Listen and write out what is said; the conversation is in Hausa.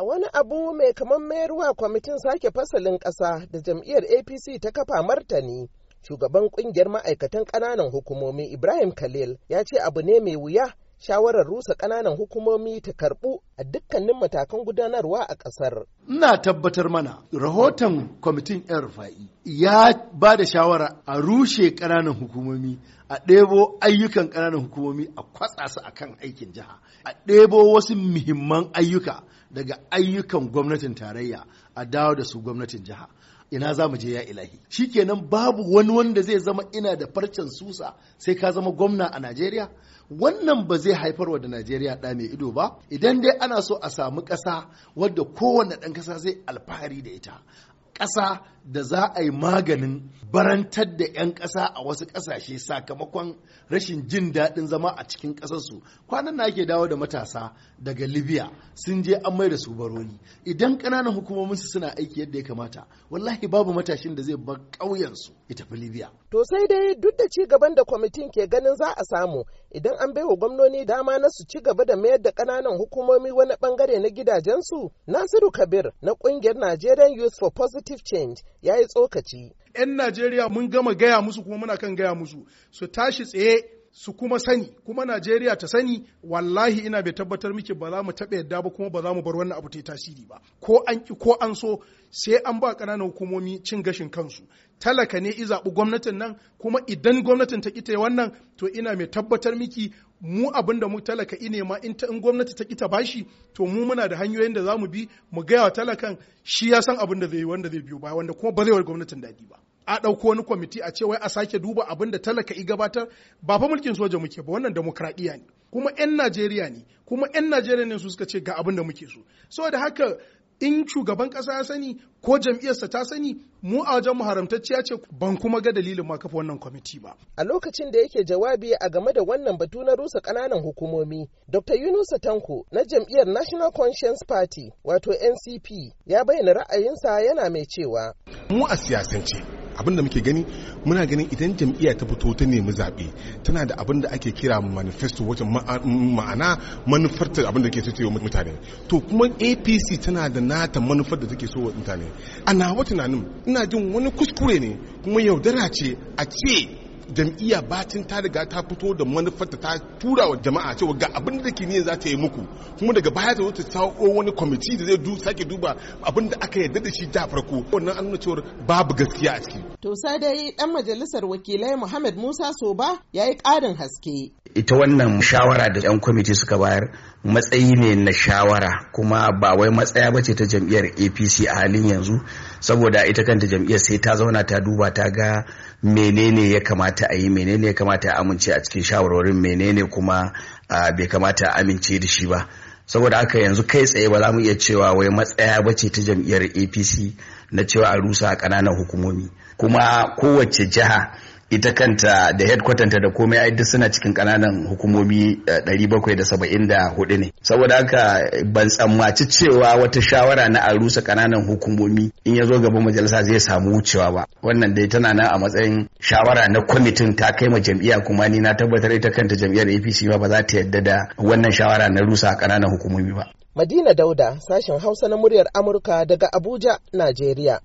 A wani abu mai kamar mayarwa kwamitin sake fasalin ƙasa da jam'iyyar APC ta kafa martani. Shugaban ƙungiyar ma'aikatan ƙananan hukumomi Ibrahim Khalil ya ce abu ne mai wuya shawarar rusa ƙananan hukumomi ta karɓu a dukkanin matakan gudanarwa a ƙasar. Ina tabbatar mana rahoton kwamitin yan rufa'i ya ba da shawara a rushe ƙananan hukumomi a ɗebo ayyukan ƙananan hukumomi a kwatsa su a aikin jiha a ɗebo wasu muhimman ayyuka daga ayyukan gwamnatin tarayya a dawo da su gwamnatin jiha ina za mu je ya ilahi shikenan babu wani wanda zai zama ina da farcen susa sai ka zama gwamna a najeriya wannan ba zai haifarwa da najeriya ɗa mai ido ba idan dai ana so a samu ƙasa wadda kowane ɗan ƙasa zai alfahari da ita ƙasa da za a yi maganin barantar da 'yan ƙasa a wasu ƙasashe sakamakon rashin jin daɗin zama a cikin ƙasarsu kwanan na ke dawo da matasa daga libya sun je an mai da su baroni idan ƙananan hukumominsu suna aiki yadda ya kamata wallahi babu matashin da zai bar ƙauyensu ya tafi libya to sai dai duk da ci gaban da kwamitin ke ganin za a samu idan an bai wa gwamnoni dama na su ci gaba da mayar da ƙananan hukumomi wani bangare na gidajensu nasiru kabir na ƙungiyar nigerian youth for positive Positive Change ya yi tsokaci. 'Yan Najeriya mun gama gaya musu kuma muna kan gaya musu su tashi tsaye su kuma sani kuma Najeriya ta sani wallahi ina bai tabbatar miki ba za mu taɓa yadda ba kuma ba za mu bar wannan abu ta tasiri ba ko an ki ko an so sai an ba ƙananan hukumomi cin gashin kansu talaka ne i zaɓi gwamnatin nan kuma idan gwamnatin ta kita wannan to ina mai tabbatar miki mu abin da mu talaka ine ma in gwamnati ta kita bashi to mu muna da hanyoyin da za mu bi mu gaya wa talakan shi ya san abin da zai yi wanda zai biyo ba wanda kuma ba zai wa gwamnatin daɗi ba. a ɗauko wani kwamiti a ce a sake duba abin da talaka i gabatar ba fa mulkin soja muke ba wannan demokradiyya ne kuma 'yan najeriya ne kuma 'yan najeriya ne su suka ce ga abin da muke so saboda haka in shugaban ƙasa ya sani ko jam'iyyarsa ta sani mu a wajen mu haramtacciya ce ban kuma ga dalilin ma kafa wannan kwamiti ba. A lokacin da yake jawabi a game da wannan batu na rusa ƙananan hukumomi, Dr. Yunusa Tanko na jam'iyyar National Conscience Party wato NCP ya bayyana ra'ayinsa yana mai cewa. Mu a siyasance abin da muke gani muna ganin idan jam'iyya ta fito ta nemi zaɓe tana da abin da ake kira manifesto wacce ma'ana manufarta abin da ke so wa mutane to kuma apc tana da nata manufar da take so wa mutane a nawa tunanin ina jin wani kuskure ne kuma yaudara ce a ce jam'iyya bacin ta riga ta fito da manufarta ta tura wa jama'a cewa ga abin da ke niyyar za ta yi muku kuma daga baya ta wuce sako wani kwamiti da zai sake duba abin da aka yarda da shi da farko wannan an nuna cewa babu gaskiya a ciki To sai dai ɗan majalisar wakilai Muhammad Musa Soba ya yi ƙarin haske. Ita wannan shawara da 'yan kwamiti suka bayar matsayi ne na shawara kuma ba wai matsaya ba ce ta jam'iyyar APC a halin yanzu saboda ita kanta jam'iyyar sai ta zauna ta duba ta ga menene ya kamata a yi menene ya kamata a amince a cikin shawarwarin menene kuma ah, bai kamata a amince da shi ba. saboda haka yanzu kai tsaye ba za mu iya cewa wai matsaya ba ce ta jam'iyyar apc na cewa a rusa a ƙananan hukumomi kuma kowace jiha ita kanta da ta da komai ai duk suna cikin kananan hukumomi 774 eh, ne saboda haka ban tsammaci cewa wata shawara na a rusa kananan hukumomi in ya zo gaba majalisa zai samu wucewa ba wannan dai tana nan a matsayin shawara na kwamitin ta kai ma jam'iyya kuma ni na tabbatar ita kanta jam'iyyar APC ba ba za ta yadda da wannan shawara na rusa kananan hukumomi ba Madina Dauda, sashen Hausa na muryar Amurka daga Abuja, Najeriya.